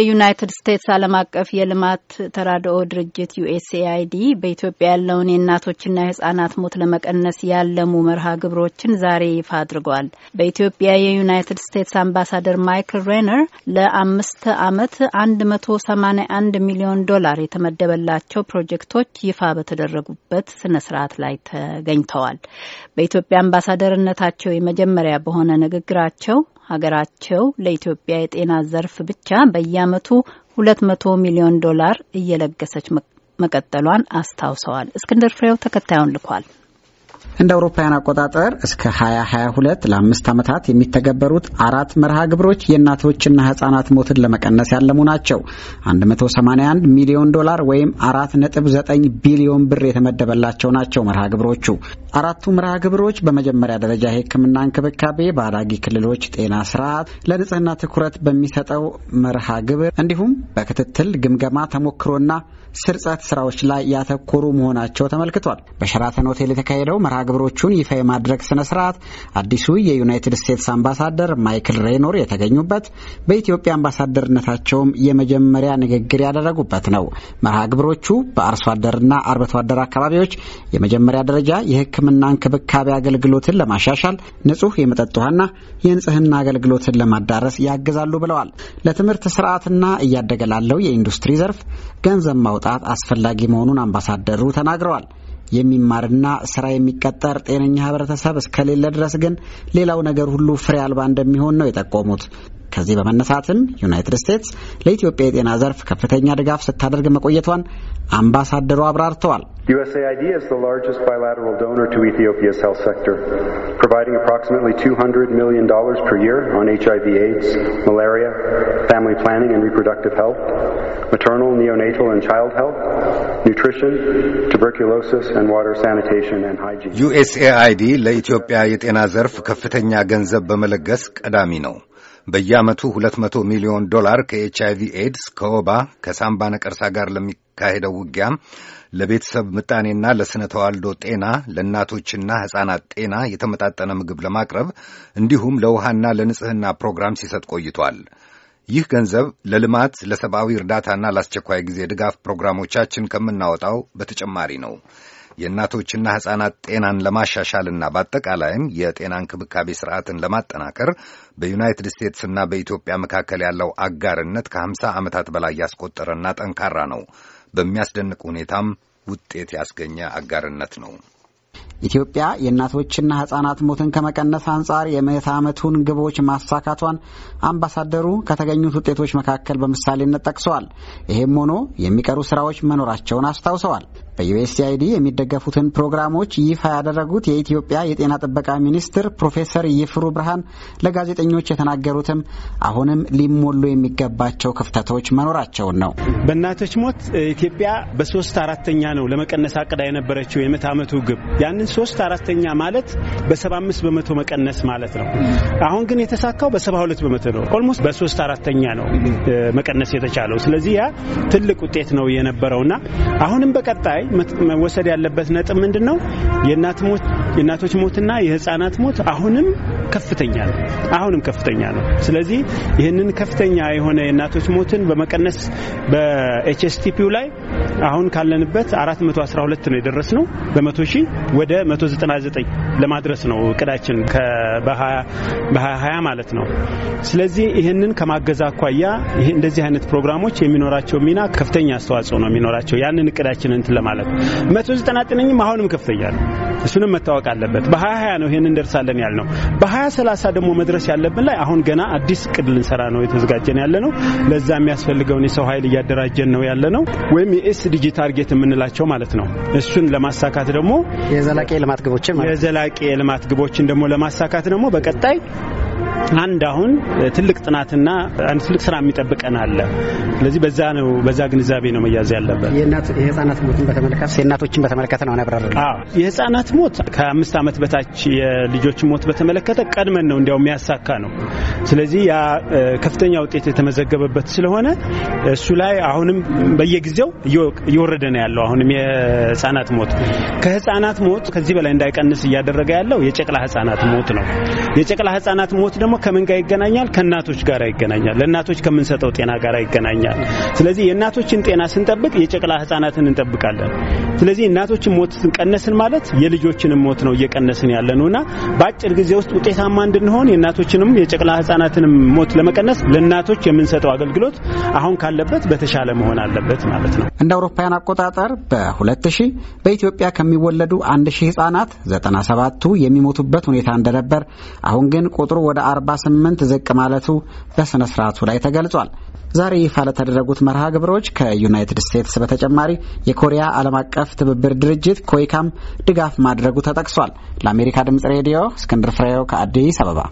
የዩናይትድ ስቴትስ ዓለም አቀፍ የልማት ተራድኦ ድርጅት ዩኤስኤአይዲ በኢትዮጵያ ያለውን የእናቶችና የህጻናት ሞት ለመቀነስ ያለሙ መርሃ ግብሮችን ዛሬ ይፋ አድርጓል። በኢትዮጵያ የዩናይትድ ስቴትስ አምባሳደር ማይክል ሬነር ለአምስት ዓመት አንድ መቶ ሰማኒያ አንድ ሚሊዮን ዶላር የተመደበላቸው ፕሮጀክቶች ይፋ በተደረጉበት ስነ ስርዓት ላይ ተገኝተዋል። በኢትዮጵያ አምባሳደርነታቸው የመጀመሪያ በሆነ ንግግራቸው ሀገራቸው ለኢትዮጵያ የጤና ዘርፍ ብቻ ሁለት 200 ሚሊዮን ዶላር እየለገሰች መቀጠሏን አስታውሰዋል። እስክንድር ፍሬው ተከታዩን ልኳል። እንደ አውሮፓውያን አቆጣጠር እስከ 2022 ለአምስት ዓመታት የሚተገበሩት አራት መርሃ ግብሮች የእናቶችና ህጻናት ሞትን ለመቀነስ ያለሙ ናቸው። 181 ሚሊዮን ዶላር ወይም 4.9 ቢሊዮን ብር የተመደበላቸው ናቸው መርሃ ግብሮቹ። አራቱ መርሃ ግብሮች በመጀመሪያ ደረጃ የህክምና እንክብካቤ፣ በአዳጊ ክልሎች ጤና ስርዓት፣ ለንጽህና ትኩረት በሚሰጠው መርሃ ግብር እንዲሁም በክትትል ግምገማ ተሞክሮና ስርጸት ስራዎች ላይ ያተኮሩ መሆናቸው ተመልክቷል። በሸራተን ሆቴል የተካሄደው መርሃ ግብሮቹን ይፋ የማድረግ ስነ ስርዓት አዲሱ የዩናይትድ ስቴትስ አምባሳደር ማይክል ሬኖር የተገኙበት በኢትዮጵያ አምባሳደርነታቸውም የመጀመሪያ ንግግር ያደረጉበት ነው። መርሃ ግብሮቹ በአርሶ አደርና አርብቶ አደር አካባቢዎች የመጀመሪያ ደረጃ የሕክምና እንክብካቤ አገልግሎትን ለማሻሻል፣ ንጹህ የመጠጥ ውሃና የንጽህና አገልግሎትን ለማዳረስ ያግዛሉ ብለዋል። ለትምህርት ስርዓትና እያደገ ላለው የኢንዱስትሪ ዘርፍ ገንዘብ ማውጣት አስፈላጊ መሆኑን አምባሳደሩ ተናግረዋል። የሚማርና ስራ የሚቀጠር ጤነኛ ህብረተሰብ እስከሌለ ድረስ ግን ሌላው ነገር ሁሉ ፍሬ አልባ እንደሚሆን ነው የጠቆሙት። ከዚህ በመነሳትም ዩናይትድ ስቴትስ ለኢትዮጵያ የጤና ዘርፍ ከፍተኛ ድጋፍ ስታደርግ መቆየቷን አምባሳደሩ አብራርተዋል። USAID is the largest bilateral donor to Ethiopia's health sector, providing approximately $200 million per year on HIV AIDS, malaria, family planning and reproductive health, maternal, neonatal and child health, ዩኤስኤአይዲ ለኢትዮጵያ የጤና ዘርፍ ከፍተኛ ገንዘብ በመለገስ ቀዳሚ ነው። በየዓመቱ 200 ሚሊዮን ዶላር ከኤችአይቪ ኤድስ፣ ከወባ፣ ከሳምባ ነቀርሳ ጋር ለሚካሄደው ውጊያም፣ ለቤተሰብ ምጣኔና ለስነ ተዋልዶ ጤና፣ ለእናቶችና ሕፃናት ጤና የተመጣጠነ ምግብ ለማቅረብ እንዲሁም ለውሃና ለንጽሕና ፕሮግራም ሲሰጥ ቆይቷል። ይህ ገንዘብ ለልማት ለሰብአዊ እርዳታና ለአስቸኳይ ጊዜ ድጋፍ ፕሮግራሞቻችን ከምናወጣው በተጨማሪ ነው። የእናቶችና ሕፃናት ጤናን ለማሻሻልና በአጠቃላይም የጤና እንክብካቤ ስርዓትን ለማጠናከር በዩናይትድ ስቴትስና በኢትዮጵያ መካከል ያለው አጋርነት ከ ምሳ ዓመታት በላይ ያስቆጠረና ጠንካራ ነው። በሚያስደንቅ ሁኔታም ውጤት ያስገኘ አጋርነት ነው። ኢትዮጵያ የእናቶችና ህጻናት ሞትን ከመቀነስ አንጻር የምዕተ ዓመቱን ግቦች ማሳካቷን አምባሳደሩ ከተገኙት ውጤቶች መካከል በምሳሌነት ጠቅሰዋል። ይህም ሆኖ የሚቀሩ ስራዎች መኖራቸውን አስታውሰዋል። በዩኤስኤአይዲ የሚደገፉትን ፕሮግራሞች ይፋ ያደረጉት የኢትዮጵያ የጤና ጥበቃ ሚኒስትር ፕሮፌሰር ይፍሩ ብርሃን ለጋዜጠኞች የተናገሩትም አሁንም ሊሞሉ የሚገባቸው ክፍተቶች መኖራቸውን ነው። በእናቶች ሞት ኢትዮጵያ በሶስት አራተኛ ነው ለመቀነስ አቅዳ የነበረችው የምዕተ ዓመቱ ግብ ያንን ሶስት አራተኛ ማለት በሰባ አምስት በመቶ መቀነስ ማለት ነው። አሁን ግን የተሳካው በሰባ ሁለት በመቶ ነው። ኦልሞስት በሶስት አራተኛ ነው መቀነስ የተቻለው። ስለዚህ ያ ትልቅ ውጤት ነው የነበረውና አሁንም በቀጣይ መወሰድ ያለበት ነጥብ ምንድን ነው? የእናቶች ሞትና የህፃናት ሞት አሁንም ከፍተኛ ነው። አሁንም ከፍተኛ ነው። ስለዚህ ይህንን ከፍተኛ የሆነ የእናቶች ሞትን በመቀነስ በኤችኤስቲፒው ላይ አሁን ካለንበት 412 ነው የደረስነው በመቶ ሺህ ወደ 199 ለማድረስ ነው እቅዳችን በ2020 ማለት ነው። ስለዚህ ይህንን ከማገዝ አኳያ እንደዚህ አይነት ፕሮግራሞች የሚኖራቸው ሚና ከፍተኛ አስተዋጽኦ ነው የሚኖራቸው ያንን እቅዳችን እንትን ለማለት 199ም አሁንም ከፍተኛ ነው። እሱንም መታወቅ አለበት። በ2020 ነው ይህን እንደርሳለን ያልነው። በ2030 ደግሞ መድረስ ያለብን ላይ አሁን ገና አዲስ እቅድ ልንሰራ ነው የተዘጋጀን ያለ ነው። ለዛ የሚያስፈልገውን የሰው ኃይል እያደራጀን ነው ያለ ነው። ወይም የኤስ ዲጂ ታርጌት የምንላቸው ማለት ነው። እሱን ለማሳካት ደግሞ የዘላቂ የልማት ግቦችን የዘላቂ የልማት ግቦችን ደግሞ ለማሳካት ደግሞ በቀጣይ አንድ አሁን ትልቅ ጥናትና አንድ ትልቅ ስራ የሚጠብቀን አለ። ስለዚህ በዛ ነው በዛ ግንዛቤ ነው መያዝ ያለበት። የህጻናት ሞትን በተመለከተ የእናቶችን በተመለከተ ነው ነበር። የህጻናት ሞት ከአምስት ዓመት በታች የልጆች ሞት በተመለከተ ቀድመን ነው እንዲያው የሚያሳካ ነው። ስለዚህ ያ ከፍተኛ ውጤት የተመዘገበበት ስለሆነ እሱ ላይ አሁንም በየጊዜው እየወረደ ነው ያለው። አሁንም የህጻናት ሞት ከህጻናት ሞት ከዚህ በላይ እንዳይቀንስ እያደረገ ያለው የጨቅላ ህጻናት ሞት ነው። የጨቅላ ህጻናት ሞት ስፖርት ደግሞ ከምን ጋር ይገናኛል? ከእናቶች ጋር ይገናኛል። ለእናቶች ከምንሰጠው ጤና ጋር ይገናኛል። ስለዚህ የእናቶችን ጤና ስንጠብቅ የጨቅላ ህጻናትን እንጠብቃለን። ስለዚህ እናቶችን ሞት ቀነስን ማለት የልጆችንም ሞት ነው እየቀነስን ያለ ነውና በአጭር ጊዜ ውስጥ ውጤታማ እንድንሆን የእናቶችንም የጨቅላ ህጻናትንም ሞት ለመቀነስ ለእናቶች የምንሰጠው አገልግሎት አሁን ካለበት በተሻለ መሆን አለበት ማለት ነው። እንደ አውሮፓውያን አቆጣጠር በ2000 በኢትዮጵያ ከሚወለዱ 1000 ህጻናት 97ቱ የሚሞቱበት ሁኔታ እንደነበር አሁን ግን ቁጥሩ ወደ ወደ 48 ዝቅ ማለቱ በሥነ ሥርዓቱ ላይ ተገልጿል። ዛሬ ይፋ ለተደረጉት መርሃ ግብሮች ከዩናይትድ ስቴትስ በተጨማሪ የኮሪያ ዓለም አቀፍ ትብብር ድርጅት ኮይካም ድጋፍ ማድረጉ ተጠቅሷል። ለአሜሪካ ድምፅ ሬዲዮ እስክንድር ፍሬው ከአዲስ አበባ